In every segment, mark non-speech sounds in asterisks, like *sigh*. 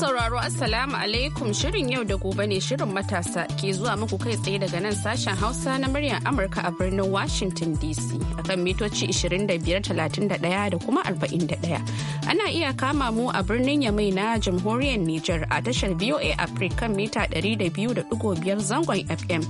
sauraro Assalamu alaikum shirin yau da gobe ne shirin matasa ke zuwa muku kai tsaye daga nan sashen Hausa na muryar Amurka a birnin Washington DC a kan mitoci 2531 da kuma 41. Ana iya kama mu a birnin Yamai na jamhuriyar Nijar a tashar VOA Africa mita 200.5 zangon FM.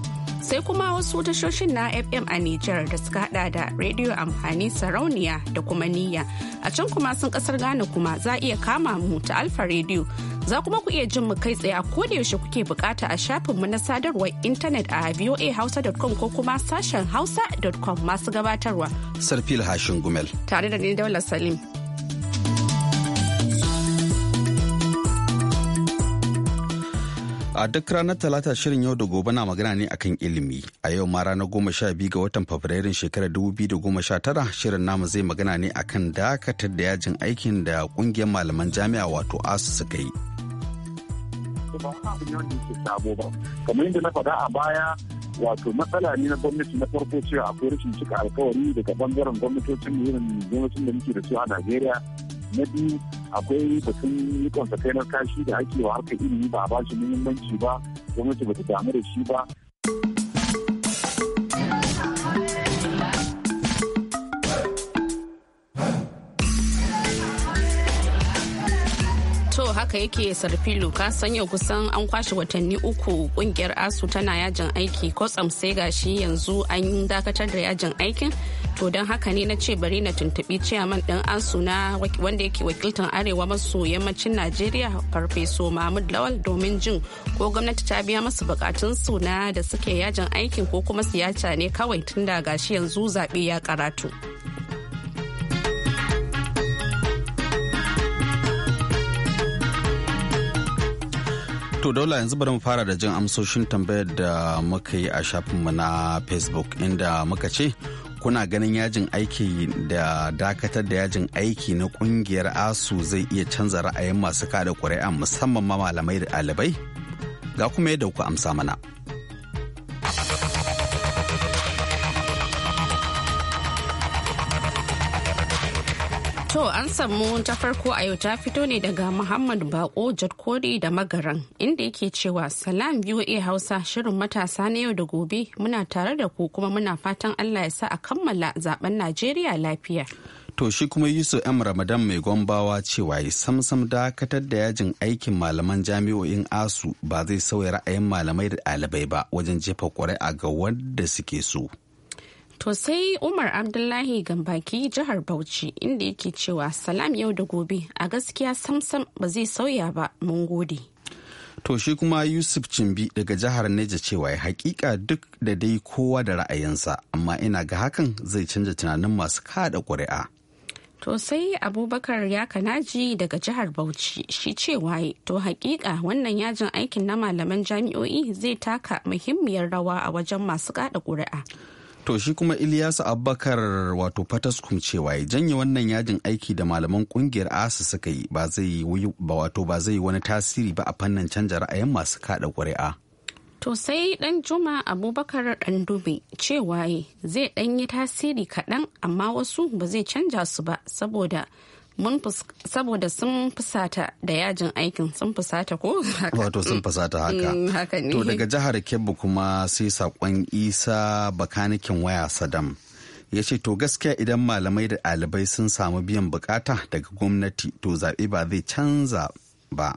sai kuma wasu tashoshin na fm a Nijar da suka hada da rediyo amfani sarauniya da kuma niyya a can kuma sun kasar Ghana kuma za iya kama mu ta alfa rediyo za kuma ku iya jin mu kai tsaye a yaushe kuke bukata a shafin mu na sadarwar intanet a voahausa.com ko kuma sashen hausa.com masu gabatarwa sarfil hashin gumel tare da ni daular salim A duk ranar Talata shirin yau da gobe na magana ne akan ilimi. A yau ma ranar goma sha biyu ga watan Fabrairun shekarar dubu biyu da goma sha tara shirin namu zai magana ne akan dakatar da yajin aikin da kungiyar malaman jami'a wato ASU suka yi. Kamar yadda na faɗa a baya wato matsala ne na gwamnati na farko cewa akwai rashin cika alkawari daga bangaren gwamnatocin irin gwamnatin da muke da su a Najeriya na biyu akwai batun rikon kashi da ake wa harkar ilimi ba a ba shi muhimmanci ba gwamnati ba ta damu da shi ba To haka yake sarfilu ka san yau kusan an kwashe watanni uku kungiyar asu tana yajin aiki kotsam sai gashi yanzu an dakatar da yajin aikin to don haka ne na ce bari na tuntubi ciyaman ɗan asu na wanda yake wakiltar arewa maso yammacin najeriya farfeso mahmud lawal domin jin ko gwamnati ta biya masu bukatun su na da suke yajin aikin ko kuma siyasa ne kawai tun da gashi yanzu zaɓe ya karatu. To daula yanzu bari mu fara da jin amsoshin tambayar da muka yi a shafinmu na Facebook inda muka ce kuna ganin yajin aiki da dakatar da yajin aiki na kungiyar asu zai iya canza ra'ayin masu kada ƙuri'a musamman ma malamai da ɗalibai? Ga kuma yadda ku amsa mana. To an samu ta farko a yau ta fito ne daga Muhammad Bako Jadkori da Magaran inda yake cewa salam VOA Hausa shirin matasa na yau da gobe muna tare da ku kuma muna fatan Allah ya sa a kammala zaben Najeriya lafiya. To shi kuma Yusuf M Ramadan mai gombawa cewa ya samsam dakatar da yajin aikin malaman jami'o'in ASU ba zai sauya ra'ayin malamai da ɗalibai ba wajen jefa ƙwarai a ga wanda suke so. To sai Umar Abdullahi Gambaki jihar Bauchi inda yake cewa salam yau da gobe a gaskiya samsam ba zai sauya ba mun gode. To shi kuma Yusuf Cimbi daga jihar Neja cewa ya hakika duk da dai kowa da ra'ayinsa amma ina ga hakan zai canza tunanin masu kada ƙuri'a. To sai abubakar ya kanaji daga jihar Bauchi shi cewa to hakika wannan yajin aikin na malaman jami'o'i zai taka muhimmiyar rawa a wajen masu kada ƙuri'a. To shi kuma Ilyasu Abubakar wato Fataskum cewa ya janye wannan yajin aiki da malaman kungiyar ASU suka yi ba zai ba wato ba zai wani tasiri ba a fannin canja ra'ayin masu kada ƙuri'a. To sai dan Juma Abubakar dan Dube cewa zai dan yi tasiri kaɗan amma wasu ba zai canja su ba saboda mun saboda sun fusata da yajin aikin sun fusata ko *laughs* wato sun fusata haka mm, to daga jihar kebbi kuma sai sakon isa bakanikin waya sadam ya ce to gaskiya idan malamai da ɗalibai sun samu biyan bukata daga gwamnati to zaɓe ba zai canza ba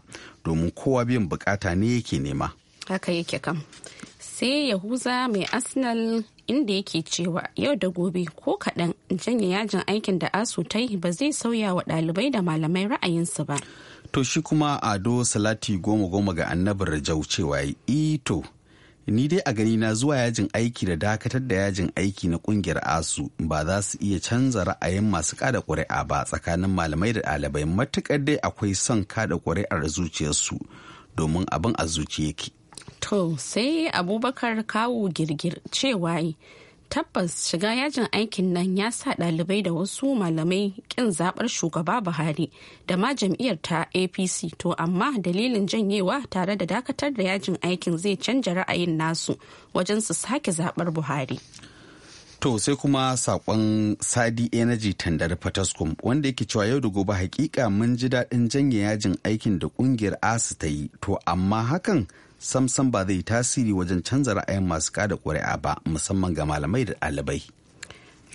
domin kowa biyan bukata ne yake nema haka yake kam sai yahuza mai arsenal inda yake cewa yau da gobe ko kaɗan janye yajin aikin da asu ta yi ba zai sauya wa ɗalibai da malamai ra'ayinsu ba to shi kuma ado salati goma goma ga annabar rajau cewa ito e ni dai a gani na zuwa yajin aiki da dakatar da yajin aiki na kungiyar asu ba za su iya canza ra'ayin masu kada ƙuri'a ba tsakanin malamai da ɗalibai matuƙar dai akwai son kada ƙuri'ar zuciyarsu domin abin a zuciya yake To sai Abubakar kawo girgir cewa tabbas shiga yajin aikin nan ya sa dalibai da wasu malamai kin zabar shugaba Buhari da ma jam'iyyar ta APC to amma dalilin janyewa tare da dakatar da yajin aikin zai canja ra'ayin nasu wajen su sake zabar Buhari. To sai kuma sakon Sadi Energy Tandar Fataskum wanda yake cewa yau da gobe hakika mun ji daɗin janye yajin aikin da kungiyar ASU ta yi to amma hakan samsam ba zai tasiri wajen canza ra'ayin masu kada ƙuri'a ba musamman ga malamai da ɗalibai.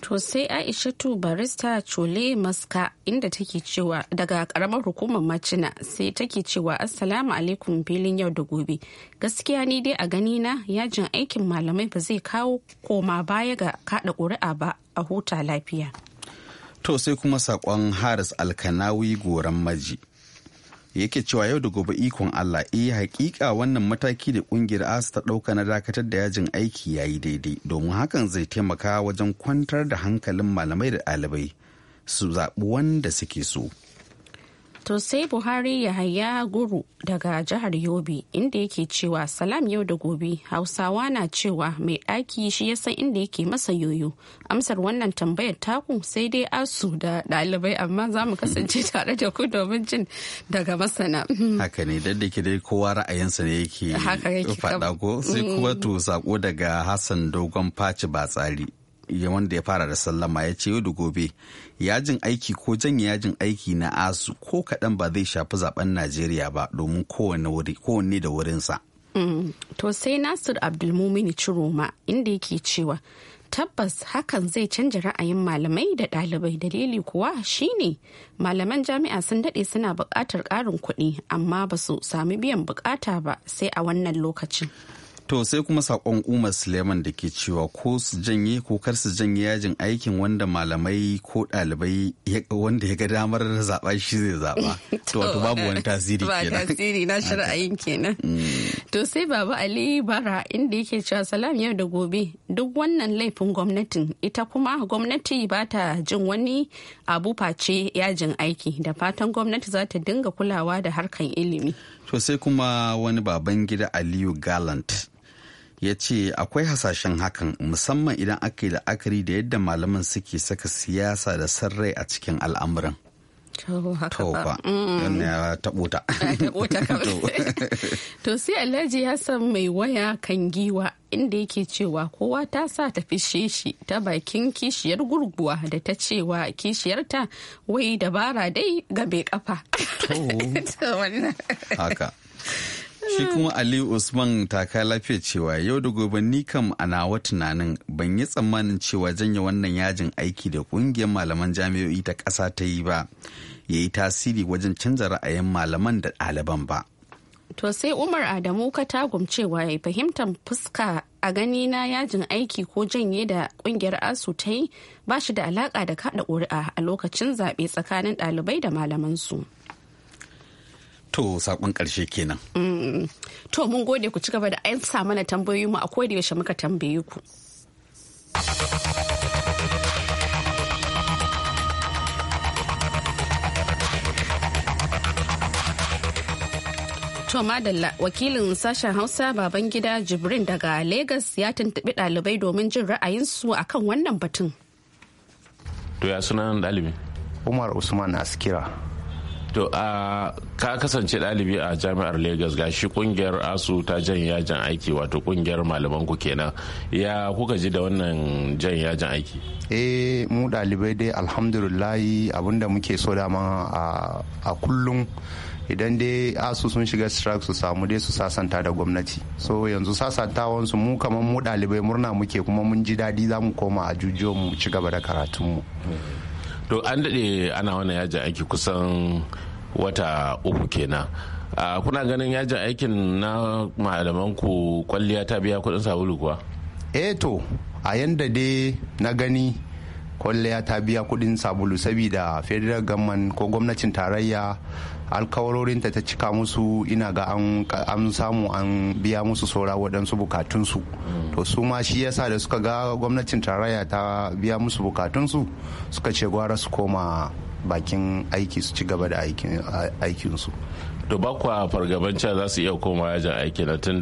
To sai Aishatu barista Chole Maska inda take cewa daga karamar hukumar Macina sai take cewa Assalamu alaikum filin yau da gobe. Gaskiya ni dai a gani na yajin aikin malamai ba zai kawo koma baya ga kada ƙuri'a ba a huta lafiya. To sai kuma saƙon Haris Alkanawi goran maji yake cewa yau da gobe ikon Allah eh hakika wannan mataki da kungiyar AS ta dauka na dakatar da yajin aiki yayi daidai domin hakan zai taimaka wajen kwantar da hankalin malamai da ɗalibai su zaɓi wanda suke so. To sai Buhari ya haya guru daga jihar Yobe inda yake cewa salam yau da gobe Hausawa na cewa mai ɗaki shi ya san inda yake masa yoyo. Amsar wannan tambayar taku sai dai asu da ɗalibai amma za mu kasance *laughs* tare da ku domin jin daga masana. *laughs* Haka ne da dai kowa ra'ayinsa ne yake faɗa ko sai kuma mm. to sako daga Hassan Dogon Faci ba tsari wanda ya fara da sallama ya ce yau da gobe yajin aiki ko janye yajin aiki na asu ko kaɗan ba zai shafi zaben najeriya ba domin kowanne da wurinsa mm. to sai nasir abdulmumini ciroma inda yake cewa tabbas hakan zai canja ra'ayin malamai da ɗalibai dalili kuwa shine malaman jami'a sun daɗe suna bukatar ƙarin kuɗi amma ba su sami biyan bukata ba sai a wannan lokacin To sai kuma saƙon Umar Suleiman da ke cewa ko su janye ko kar su janye yajin aikin wanda malamai ko ɗalibai wanda ya ga damar zaɓa shi zai zaɓa. *laughs* To wato babu wani tasiri kenan. Ba tasiri na shari'ayin kenan. Mm. To sai Baba Ali Bara inda yake cewa salam yau da gobe duk wannan laifin gwamnatin ita kuma gwamnati ba ta jin wani abu face yajin aiki da fatan gwamnati za ta dinga kulawa da harkan ilimi. To sai kuma wani baban gida Aliyu Gallant ya ce akwai hasashen hakan musamman idan aka yi la'akari da yadda malaman suke saka siyasa da sarrai a cikin al'amuran. Tauba, oh, mm. ya taɓo *laughs* *laughs* To sai Alhaji Hassan mai waya kan giwa inda yake cewa kowa ta sa ta fishe shi ta bakin kishiyar gurguwa da ta cewa kishiyarta wai dabara dai gabe kafa. *laughs* Haka. Shi mm. kuma Ali Usman taka lafiya cewa yau da gobe ni kam a nawa tunanin ban yi tsammanin cewa janye wannan yajin aiki da kungiyar malaman jami'o'i ta ƙasa ta yi ba. Ya yi tasiri wajen canza ra'ayin malaman da ɗaliban ba. To sai Umar Adamu ka tagum cewa ya fahimtar fuska a gani na yajin aiki ko janye da kungiyar asu ta yi ba shi da alaka da kaɗa ƙuri'a a lokacin zaɓe tsakanin ɗalibai da malamansu. su. To sakon karshe kenan. Mm. To mun gode ku ci gaba da aisa mana tambayoyi mu a da yaushe muka tambaye ku. To Madalla wakilin sashen Hausa baban gida Jibrin daga Legas ya tuntuɓi ɗalibai domin jin ra'ayinsu akan wannan batun. To ya sunan ɗalibi? Umar Usman Askira. to a ka kasance ɗalibi a jami'ar lagos gashi kungiyar asu ta jan yajin aiki wato kungiyar malaman ku kenan ya kuka ji da wannan jan yajin aiki eh mu dalibai dai alhamdulillahi abinda muke so dama a kullum idan dai asu sun shiga strike su samu dai su sasanta da gwamnati so yanzu sasantawansu mu kamar mu dalibai murna muke kuma mun ji daɗi za mu koma a jujiyo mu ci gaba da karatunmu to an daɗe ana wani yajin aiki kusan wata uku kenan uh, kuna ganin yajin aikin na malaman ku kwalliya ta biya kudin sabulu kuwa eh to a yanda dai na gani kwalliya ta biya kudin sabulu saboda federal government ko gwamnatin tarayya alkawarorinta ta cika musu ina ga an samu an biya musu saura waɗansu bukatunsu to su ma shi yasa da suka ga gwamnatin tarayya ta biya musu bukatunsu suka ce gwara su koma bakin aiki su ci gaba da aikinsu to ba kwa fargaban cewa za su iya koma yajin aiki na tun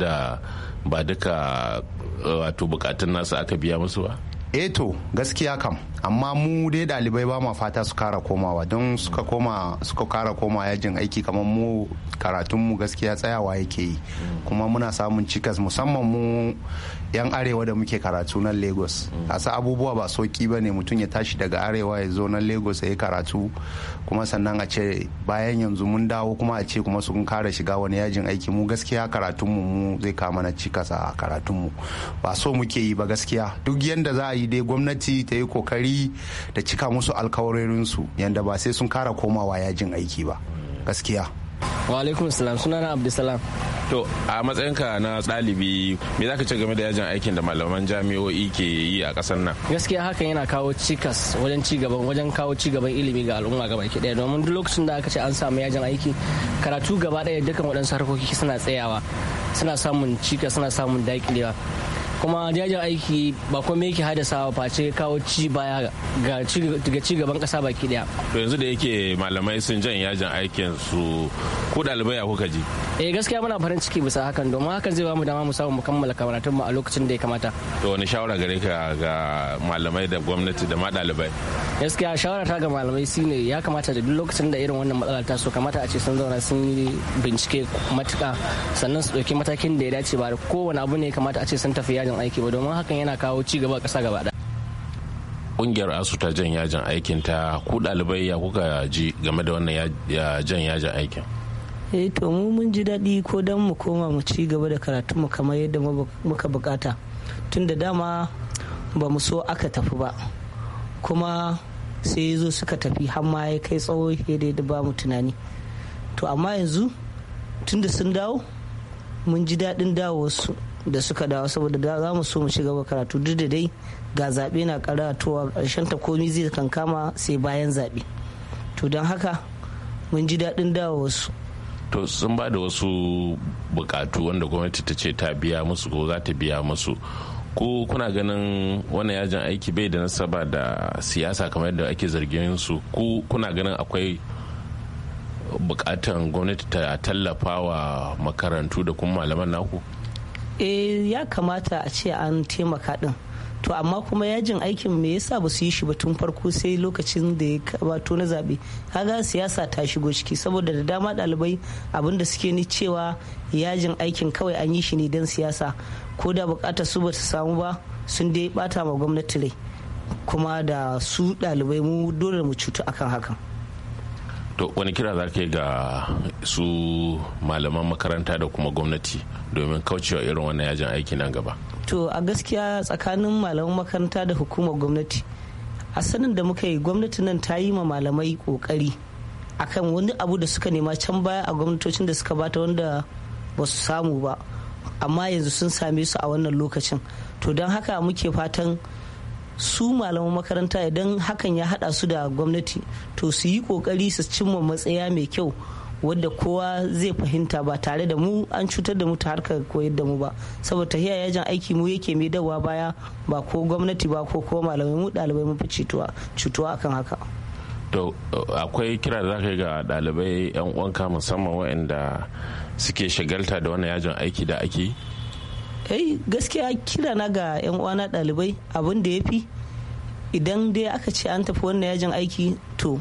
ba duka wato bukatun nasu aka biya musu ba E to gaskiya kam amma mu dai dalibai ba ma fata su kara komawa don suka koma suka kara koma yajin aiki kamar mu karatun mu gaskiya tsayawa yake yi kuma muna samun cikas musamman mu yan arewa da muke karatu nan lagos mm. a sa abubuwa ba soki ba ne mutum ya tashi daga arewa ya zo nan lagos ya yi karatu kuma sannan a ce bayan yanzu mun dawo kuma a ce kuma sun kara shiga wani yajin aiki mu gaskiya karatun mu zai kama na cikasa a mu ba so muke yi ba gaskiya duk yanda za a yi dai gwamnati ta yi kokari da cika musu su yanda ba sai sun kara komawa yajin aiki ba gaskiya wa alaikum salam sunana abdulsalam to a matsayinka na ɗalibi me zaka ce game da yajin aikin da malaman jami'o'i ke yi a ƙasar nan gaskiya hakan yana kawo cikas wajen cigaban wajen kawo cigaban ilimi ga al'umma gaba ki ɗaya domin duk lokacin da aka ce an samu yajin aiki karatu gaba ɗaya dukkan wadansu harkoki suna tsayawa suna samun cikas suna samun daƙilewa kuma jajin aiki ba kuma yake haddasa face kawo ci baya ga ci gaban kasa baki daya to yanzu da yake malamai sun jan yajin aikin su ko dalibai kuka ji eh gaskiya muna farin ciki bisa hakan domin hakan zai ba mu dama mu samu mu kammala karatun mu a lokacin da ya kamata to wani shawara gare ka ga malamai da gwamnati da ma dalibai gaskiya shawara ta ga malamai shine ya kamata da duk lokacin da irin wannan matsala ta so kamata a ce sun zauna sun yi bincike matuka sannan su dauki matakin da ya dace ba da kowane abu ne kamata a ce sun tafi tsarin aiki ba domin hakan yana kawo ci gaba ƙasa gaba kungiyar asu ta jan yajin aikin ta ku ɗalibai ya kuka ji game da wannan jan yajin aikin eh to mu mun ji daɗi ko dan mu koma mu ci gaba da karatu mu kamar yadda muka bukata tun da dama ba mu so aka tafi ba kuma sai zo suka tafi har ma ya kai tsawo yadda ba mu tunani to amma yanzu tun da sun dawo mun ji daɗin su da suka dawo saboda da za mu so mu shiga karatu duk da dai ga zaɓe na karatuwa ƙarshen ta komi zai kankama sai bayan zaɓe to don haka mun ji daɗin dawo wasu to sun ba da wasu bukatu wanda gwamnati ta ce ta biya musu ko za ta biya musu ko kuna ganin wannan yajin aiki bai da nasaba da siyasa kamar yadda ake zargin su ko kuna ganin akwai bukatan gwamnati ta tallafa wa makarantu da kuma malaman naku eh ya kamata a ce an taimaka din to amma kuma yajin aikin me yasa ba su yi shi ba tun farko sai lokacin da ya gabato na zabe kaga siyasa ta shigo ciki saboda da dama dalibai abinda suke ni cewa yajin aikin kawai an yi shi ne don siyasa ko da bukatar su ba su samu ba sun dai bata ma gwamnati rai kuma da su dalibai mu dole mu cutu akan hakan to wani kira za ka yi ga su malaman makaranta da kuma gwamnati domin kaucewa irin wannan yajin aiki nan gaba to a gaskiya tsakanin malaman makaranta da hukumar gwamnati a sanin da muka yi gwamnati nan ta yi ma malamai kokari akan wani abu da suka nema can baya a gwamnatocin da suka bata wanda ba su samu ba amma yanzu sun same su a wannan lokacin to don haka muke fatan su malaman makaranta idan hakan ya hada su da gwamnati to su yi kokari su cimma matsaya mai kyau wadda kowa zai fahimta ba tare da mu an cutar da mu ta harkar koyar da mu ba saboda tahiya yajin aiki mu yake mai dawa baya ba ko gwamnati ba ko kuma malamai mu dalibai mu cutuwa cutuwa akan haka to akwai kira da zaka yi ga dalibai yan uwanka musamman waɗanda suke shagalta da wani yajin aiki da ake eh gaskiya kira na ga yan uwana ɗalibai abin da ya fi idan dai aka ce an tafi wannan yajin aiki to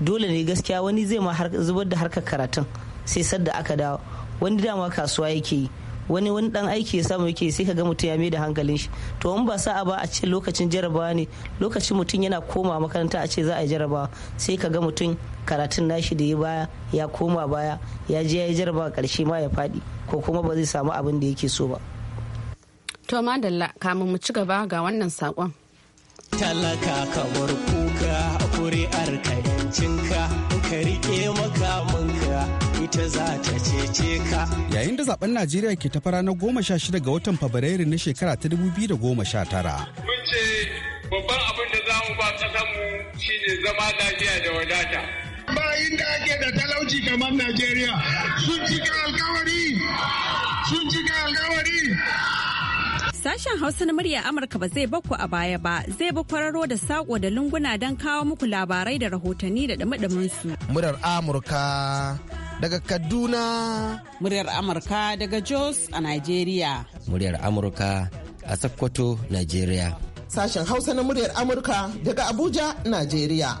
dole ne gaskiya wani zai ma zubar da harkar karatun sai sadda aka dawo wani dama kasuwa yake yi wani wani dan aiki ya samu yake sai ka ga mutum ya mai da hankalin shi to in ba sa'a ba a ce lokacin jarabawa ne lokacin mutum yana koma makaranta a ce za a yi jarabawa sai ka ga mutum karatun nashi da ya baya ya koma baya ya je ya yi jarabawa karshe ma ya faɗi ko kuma ba zai samu abin da yake so ba. To Madalla kamun mu ci gaba ga wannan sakon. Talaka kamar kuka kuri'ar ka yancinka ka rike makamanka ita za ta cece ka. Yayin da zaben Najeriya ke tafara na goma sha shida ga watan Fabrairu na shekara ta dubu biyu da goma sha tara. Mun ce babban abin da za mu ba ƙasanmu ne zama lafiya da wadata. Bayin da ake da talauci kamar Najeriya sun cika alkawari sun cika alkawari. Sashen Hausa na murya Amurka ba zai bakku a baya ba, zai ba kwararo da sako da lunguna don kawo muku labarai da rahotanni da dumi su. Muryar Amurka daga Kaduna. Muryar Amurka daga Jos a Najeriya. Muryar Amurka a Sokoto, Najeriya. Sashen Hausa na muryar Amurka daga Abuja, Najeriya.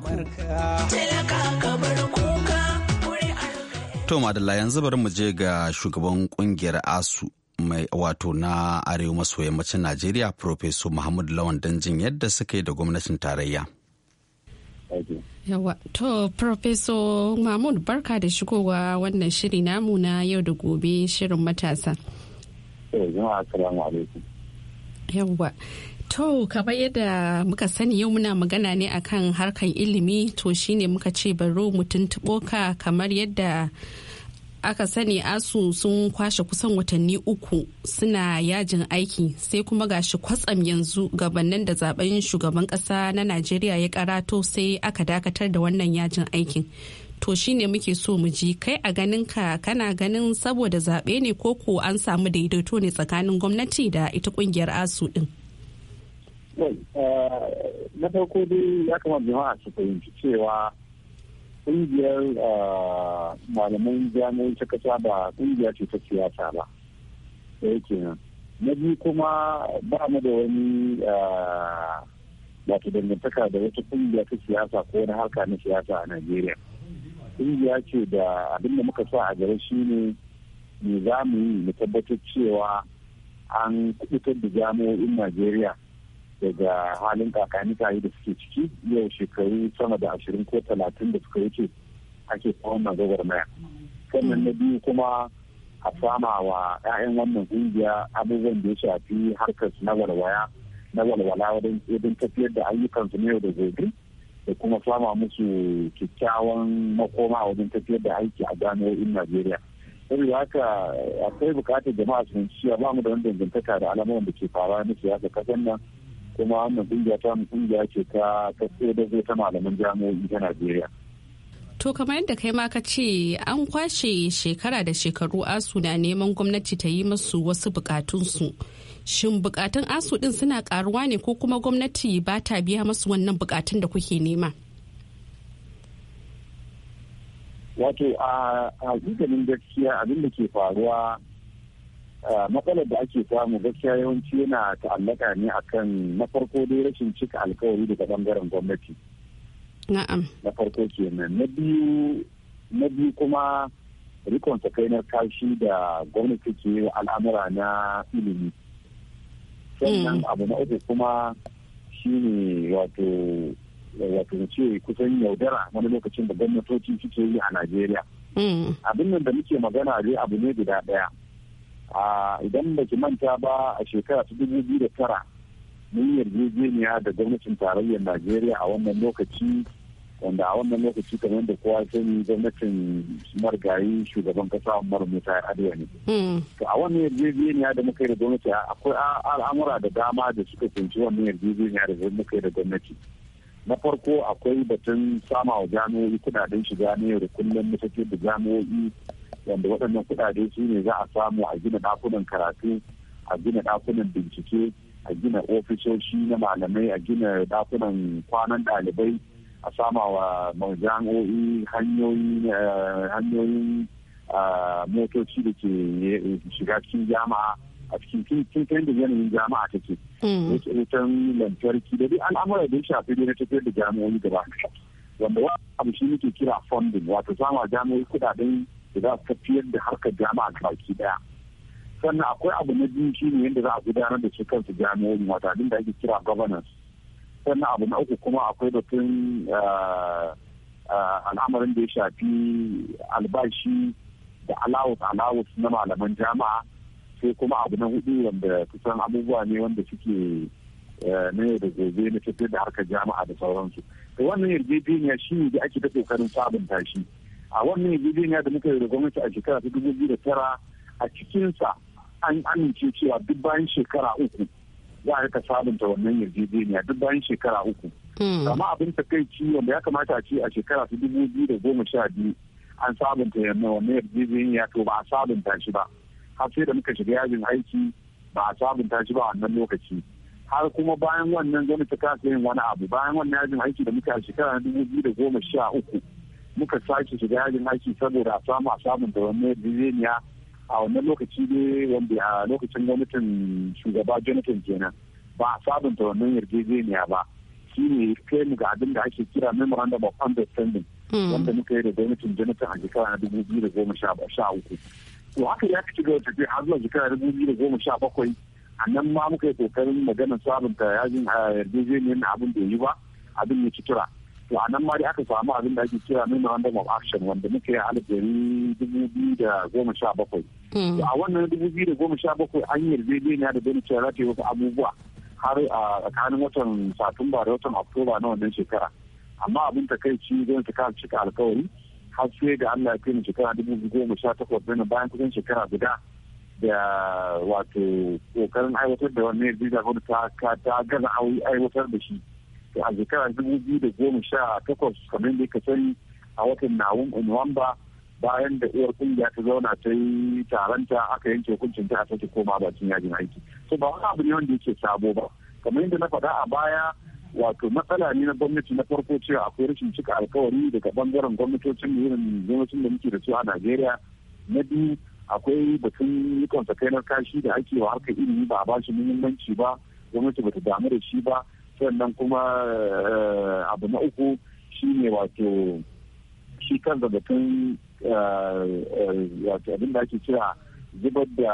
ku. To Madalla yanzu bari mu je ga shugaban kungiyar ASU mai wato na arewa maso yammacin Najeriya Profesor Muhammadu Lawan Danjin yadda suka yi da gwamnatin tarayya. Yawa, to Profesor Mahmud barka da shigowa wannan shiri namu na yau da gobe shirin matasa. yawwa To kamar yadda muka sani yau muna magana ne akan harkan ilimi to shine muka ce baro mu ka kamar yadda aka sani asu sun kwashe kusan watanni uku suna yajin aiki sai kuma ga shi kwatsam yanzu gabanin da zaben shugaban kasa na najeriya ya karato sai aka dakatar da wannan yajin aikin to shine muke so mu ji kai a ganin ka kana ganin saboda zaɓe ne ko ko an samu daidaito ne tsakanin gwamnati da ita kungiyar asu din eh, na farko dai ya kamata jama'a su fahimci cewa kungiyar eh, malaman jami'an ta ba kungiya ce ta siyasa ba da yake nan na biyu kuma ba mu da wani eh, ta dangantaka da wata kungiya ta siyasa ko na harka na siyasa a najeriya ƙungiya ce da abin da muka sa a gaba shine me za mu yi mu tabbatar cewa an kubutar da jami'o'in najeriya daga halin kayi da suke ciki yau shekaru sama da ashirin ko talatin da suka wuce ake tsawon maya sannan na biyu kuma a sama wa 'ya'yan wannan ƙungiya abubuwan da ya shafi harkar walwaya na walwala wajen tafiyar da ayyukansu na yau da gobe da kuma fama musu kyakkyawan makoma wajen tafiyar da aiki a in najeriya saboda haka akwai bukatar jama'a su cewa ba mu da wani dangantaka da alamar da ke faruwa na siyasa kasan nan kuma wannan kungiya ta kungiya ce ta kasko da zai ta malaman jami'o'i ta najeriya To kamar yadda kai ma ka ce an kwashe shekara da shekaru asu na neman gwamnati ta yi masu wasu bukatunsu. su shin bukatun asu din suna karuwa ne ko kuma gwamnati ba ta biya masu wannan bukatun da kuke nema wato a hakikalin gaskiya abin da ke faruwa matsalar da ake samu gaskiya yawanci yana ta'allaka ne akan na farko dai rashin cika alkawari daga bangaren gwamnati na farko kenan na biyu na biyu kuma rikon sakainar kashi da gwamnati ke al'amura na ilimi sannan eh. abu na uku kuma shine wato wato ce kusan yaudara wani lokacin da gwamnatoci suke yi a najeriya hmm. abin nan da muke magana dai abu ne guda daya idan da ki manta ba a shekara ta dubu biyu da tara mun yarjejeniya da gwamnatin tarayyar najeriya a wannan lokaci wanda a wannan lokaci kamar da kowa sani gwamnatin marigayi shugaban kasa umar musa arewa ne hmm. to a wannan yarjejeniya da muka yi da gwamnati akwai al'amura da dama da suka tunci wannan yarjejeniya da muka yi da gwamnati na farko akwai batun sama wa jami'o'i kudaden shiga ne da kullum mutafi da jami'o'i wanda waɗannan kudade su ne za a samu a gina ɗakunan karatu a gina ɗakunan bincike a gina ofisoshi na malamai a gina ɗakunan kwanan ɗalibai a sama wa jami'o'i eh, hanyoyin eh, motoci da ke eh, shiga cikin jama'a a cikin kan da yanayin jama'a take mm. wutan lantarki da duk al'amura da ya shafi da na tafiyar da jami'o'i gaba wanda wani abu shi muke kira funding wato sama jami'o'i kudaden da za su tafiyar da harkar jama'a baki daya sannan akwai abu na biyu shi ne yadda za a gudanar da shi kansu jami'o'i wato abin da ake kira governance sannan abu na uku kuma akwai batun ah, ah, al'amarin da ya shafi albashi da alawus alawus na malaman jama'a sai kuma abu na hudu wanda kusan abubuwa ne wanda suke eh, na yau da gobe na tafiyar da harkar jama'a da sauransu to wannan yarjejeniya shi ne da ake ta kokarin sabunta shi a wannan yarjejeniya da muka yi da gwamnati a shekara ta dubu biyu da tara a cikinsa an amince cewa duk bayan shekara uku za a rika sabunta wannan yarjejeniya duk bayan shekara uku. Hmm. Amma abin takaici wanda ya kamata a ce a shekara ta dubu biyu da goma sha biyu an sabunta wannan yarjejeniya to ba a sabunta shi ba. Har sai da muka shiga yajin aiki ba a sabunta shi ba wannan lokaci. Har kuma bayan wannan gwamnati ta kasa yin wani abu bayan wannan yajin aiki da muka a shekara na dubu biyu da goma sha uku. Muka sake shiga yajin aiki saboda a samu a sabunta wannan yarjejeniya a wannan lokaci ne wanda a lokacin gwamnatin shugaba jonathan kenan ba a sabunta wannan yarjejeniya ba shi ne kai mu ga abin da ake kira memorandum of understanding hmm. wanda muka yi da gwamnatin jonathan a shekara na dubu biyu da goma sha uku to haka ya ci gaba tafiya har zuwa shekara dubu biyu da goma sha bakwai a nan ma muka yi kokarin maganar sabunta yajin yarjejeniyar abin da yi ba abin ya ci tura to a nan ma dai aka samu abin da ake kira memorandum of action wanda muka yi alif dari dubu biyu da goma sha bakwai hmm. a wannan dubu biyu da goma sha bakwai an yi yarjejeniya da dole cewa za ta wasu abubuwa har a tsakanin watan satumba da watan oktoba na wannan shekara amma abin takaici don ta kawo cika alkawari har sai da allah ya kai shekara dubu biyu goma sha takwas bayan kusan shekara guda da wato kokarin aiwatar da wannan yarjejeniya ta gaza aiwatar da shi a shekarar dubu biyu da goma sha takwas kamar da ka sani a watan unwamba bayan da uwar kungiya ta zauna ta yi taronta aka yanke hukuncin ta a sake koma bakin yajin aiki so ba wani abu ne wanda yake sabo ba kamar yadda na faɗa a baya wato matsala ne na gwamnati na farko cewa akwai rashin cika alkawari daga bangaren gwamnatocin irin gwamnatin da muke da su a najeriya na biyu akwai batun kai sakainar kashi da ake wa harkar ilimi ba a ba shi muhimmanci ba gwamnati ba ta damu da shi ba sannan kuma eh, abu na uku shi ne wato shi kan batun eh, eh, wato abin da ake kira zubar da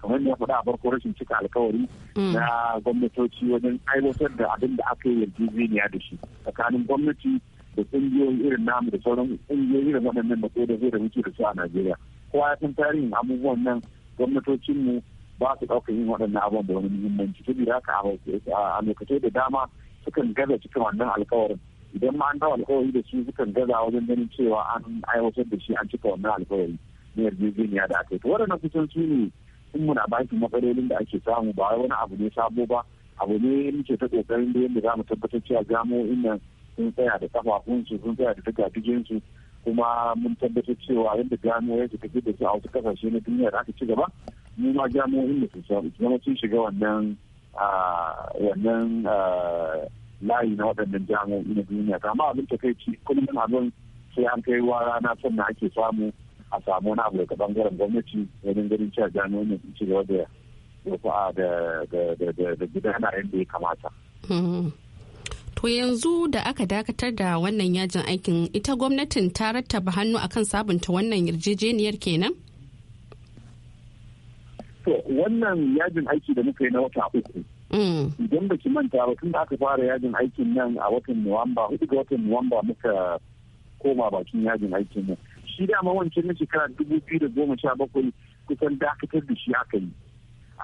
kamar ya faɗa a farko rashin cika alkawari mm. na gwamnatoci wajen aiwatar da abin da aka yi yarjejeniya da shi tsakanin gwamnati da ƙungiyoyi irin namu da sauran ƙungiyoyi irin waɗannan da da zai da muke da su a najeriya kowa ya san tarihin abubuwan nan gwamnatocinmu ba su ɗaukar yin waɗannan abubuwan da wani muhimmanci da haka a lokacin da dama sukan gaza cikin wannan alkawarin idan ma an dawo alkawari da su sukan gaza wajen ganin cewa an aiwatar da shi an cika wannan alkawari na yarjejeniya da aka yi to waɗannan kusan su ne sun muna baki matsalolin da ake samu ba wani abu ne sabo ba abu ne muke ta ƙoƙarin da yadda za mu tabbatar cewa jami'o'in nan sun tsaya da kafafunsu sun tsaya da tagatiginsu kuma mun tabbatar cewa yadda gano yadda tafi da su a wasu kasashe na duniya da aka ci gaba mu ma jami'o'in da su kuma sun shiga wannan wannan layi na waɗannan jami'o'i na duniya kama abin ta kai ci kullum abin sai an kai wa rana sannan ake samu a samu wani abu daga bangaren gwamnati wajen ganin cewa ne sun ci gaba da da gudana da ya kamata. To yanzu da aka dakatar da wannan yajin aikin ita gwamnatin ta rattaba hannu akan sabunta wannan yarjejeniyar kenan? To wannan yajin aiki da muka yi na wata uku. Mm. Idan ba ki manta ba tun da aka fara yajin aikin nan a watan Nuwamba, hudu ga watan Nuwamba muka koma bakin yajin aikin nan. Shi dama wancan na shekara dubu biyu da goma sha bakwai kusan dakatar da shi aka yi.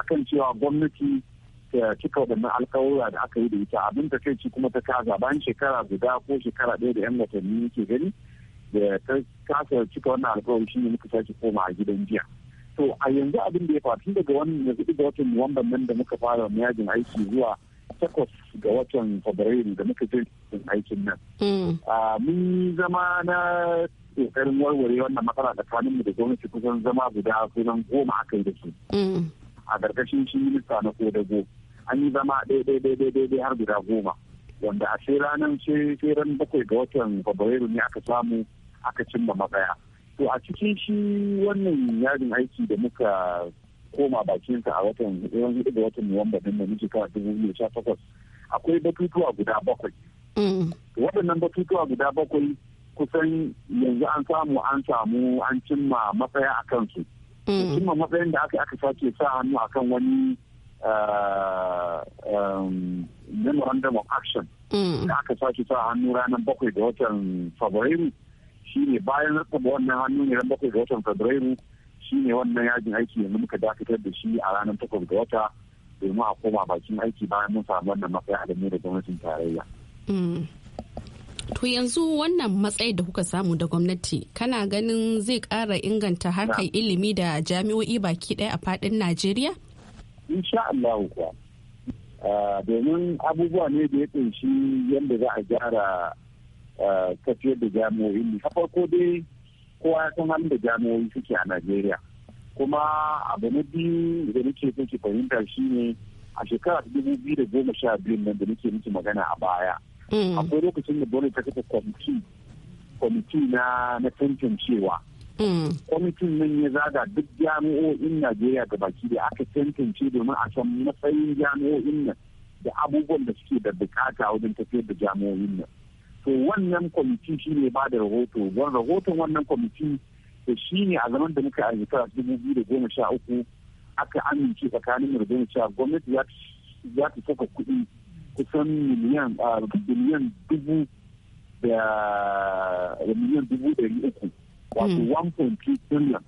Akan cewa gwamnati ta cika wadannan alkawura da aka yi da ita abin ta kai kuma ta kaza bayan shekara guda ko shekara ɗaya da 'yan watanni ke gani da ta kasa cika wannan alkawari shi ne muka sake koma a gidan jiya. to a yanzu abin da ya faru daga wannan yanzu da watan nuwamban nan da muka fara yajin aiki zuwa takwas ga watan fabrairu da muka je aikin nan hmm. mun zama na kokarin warware wannan matsala tsakaninmu da gwamnati kusan zama guda kusan goma aka yi da su hmm. a ƙarƙashin shi minista na kodago an yi zama ɗaya har guda goma wanda a sai ranar sai ran bakwai ga watan fabrairu ne aka samu aka cimma matsaya to a cikin shi wannan yarin aiki da muka koma bakinsa a watan yanzu da watan nuwamba din da muke kawai dubu biyu sha takwas akwai batutuwa guda bakwai mm. waɗannan batutuwa guda bakwai kusan yanzu an samu an samu an cimma matsaya a kansu mm. cimma matsayin da aka aka sake sa hannu a kan wani ah, um, memorandum of action mm. da aka sake sa hannu ranar bakwai da watan fabrairu ne bayan rattaba wannan hannu ne ran bakwai ga watan fabrairu ne wannan yajin aiki yanzu muka dakatar da shi a ranar takwas ga wata domin a koma bakin aiki bayan mun samu wannan matsayi a da gwamnatin tarayya. Mm. To yanzu wannan matsayi da kuka samu da gwamnati kana ganin zai kara inganta harkar ilimi da jami'o'i baki ɗaya a faɗin Najeriya? Insha Allah kuwa. Ah, domin abubuwa ne da ya ƙunshi yadda za a gyara tafiyar da jami'o'i mu ta farko dai kowa ya san halin da jami'o'i suke a najeriya kuma abu na biyu da nake so ki fahimta ne, a shekara ta dubu biyu da goma sha biyu nan da nake miki magana a baya mm. akwai lokacin da dole ta kafa kwamiti kwamiti na na tantancewa mm. kwamitin nan ya zaga duk jami'o'in najeriya ga baki da aka tantance domin a san matsayin jami'o'in nan da abubuwan da suke da bukata wajen tafiyar da jami'o'in nan to wannan kwamiti shi ne ba da rahoto don rahoton wannan kwamiti da shi ne a zaman da muka a shekara dubu biyu da goma sha uku aka amince tsakanin mu goma sha gwamnati ya ta saka kuɗi kusan miliyan biliyan dubu da miliyan dubu ɗari uku wato 1.2 hmm. trillion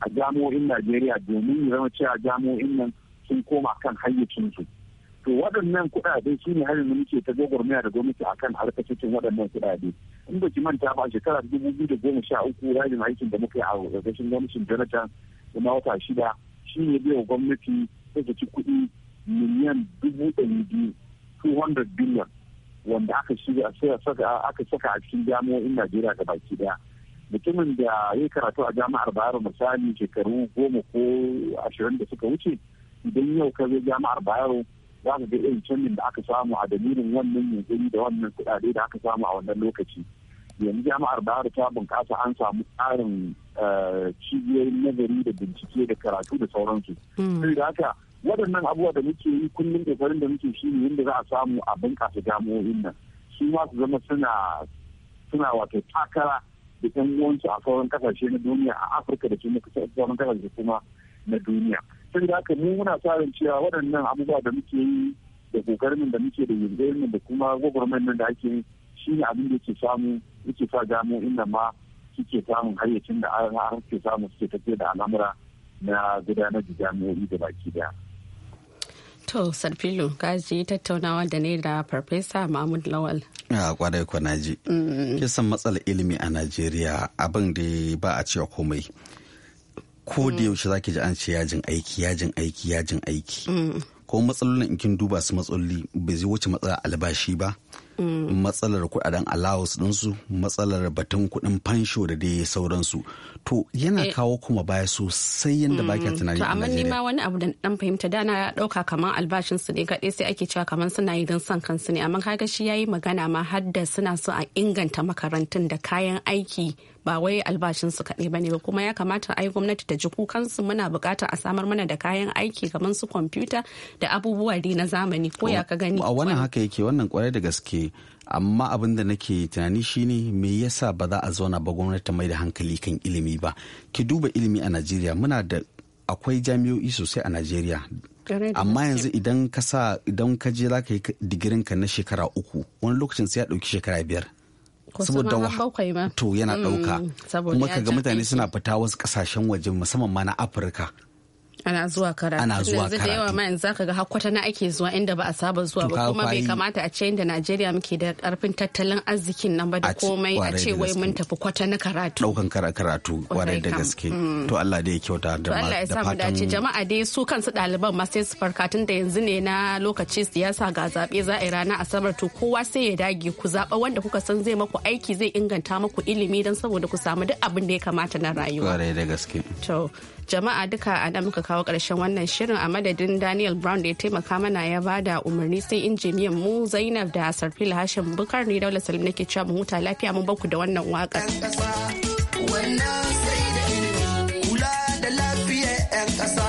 a jami'o'in Najeriya domin zama cewa jami'o'in nan sun koma kan hayyacinsu. su to waɗannan kuɗaɗe shi ne harin da muke ta gwagwarmaya da gwamnati a kan harkacin waɗannan kuɗaɗe in ba ki manta ba a shekarar dubu biyu da goma sha uku rajin aikin da muka yi a ƙarƙashin gwamnatin jonathan da na wata shida shi ne biyan gwamnati ta ci kuɗi miliyan dubu ɗari biyu two hundred billion wanda aka shiga aka saka a cikin jami'o'in najeriya da baki daya mutumin da ya karatu a jami'ar bayero misali shekaru goma ko ashirin da suka wuce idan yau ka zo jami'ar bayero za mu ga irin canjin da aka samu a dalilin wannan yunkuri da wannan kuɗaɗe da aka samu a wannan lokaci yanzu jami'ar da ta bunƙasa an samu tsarin eh, cibiyoyin nazari da bincike da karatu da sauransu hmm. sai da haka waɗannan abubuwa da muke yi kullum da farin da muke shi ne yadda za a samu a bunƙasa jami'o'in nan su ma su zama suna suna wato takara da ƴan uwansu a sauran ƙasashe na duniya a afirka da kuma sauran ƙasashe kuma na duniya da haka mu muna sa ran cewa waɗannan abubuwa da muke yi da kokarin da muke da yanzu da kuma gwagwarmen nan da ake yi shi ne abin da yake samu yake sa gamo inda ma suke samun hayyacin da har suke samu suke tafiya da al'amura na gudanar da jami'o'i da baki daya. To, Sarfilu, ka tattaunawa da ne da Farfesa Mahmud Lawal. A ah, kwarai kwa naji. Mm. Kisan matsala ilimi a Najeriya abin da ba a cewa komai. ko da yaushe zaki ji an ce yajin aiki yajin aiki yajin aiki ko matsalolin in kin duba su matsaloli bai zai wuce matsalar albashi ba matsalar kudaden allowance dinsu matsalar batun kudin fansho da dai sauransu to yana eh. kawo kuma baya sosai yadda ba kya tunani mm. to amma ni ma wani abu da dan fahimta dana ya dauka kamar albashin su ne kaɗai sai ake cewa kamar suna yi don son kansu ne amma kaga shi yayi magana ma har da suna so a inganta makarantun da kayan aiki ba wai albashin su kaɗai bane ba kuma ya kamata ai gwamnati ta ji kukansu muna buƙatar a samar mana da kayan aiki kamar su kwamfuta da abubuwa dai na zamani ko ya ka gani a wannan haka yake wannan kwarai da gaske amma abin da nake tunani shine me yasa ba za a zauna ba gwamnati ta mai da hankali kan ilimi ba ki duba ilimi a najeriya muna da akwai jami'o'i sosai a najeriya amma yanzu idan ka sa idan ka je za ka yi digirin ka na shekara uku wani lokacin sai ya ɗauki shekara biyar saboda to yana dauka mm, kuma kaga mutane suna fita wasu kasashen waje musamman ma na afirka ana zuwa karatu ana zuwa karatu da yawa ma yanzu zaka ga hakwata na ake zuwa inda ba a saba zuwa ba kuma bai kamata a ce inda Najeriya muke da karfin tattalin arzikin nan ba da komai a ce wai mun tafi kwata na karatu daukan karatu kwarai da gaske mm. to Allah da ya kyauta da Allah ya sa mu dace jama'a dai su kansu ɗaliban ma sai su farka tun da yanzu ne na lokaci siyasa ga zabe za a yi rana asabar to kowa sai ya dage ku zaba wanda kuka san zai maku aiki zai inganta maku ilimi don saboda ku samu duk abin da ya kamata na rayuwa kware da gaske to jama'a duka a nan muka kawo ƙarshen wannan shirin a madadin daniel brown da ya taimaka mana ya bada umarni sai injiniyan mu zainab da sarfil hashim bukar ni daular salim nake cewa mu huta lafiya mun baku da wannan waƙar. kula da lafiya 'yan ƙasa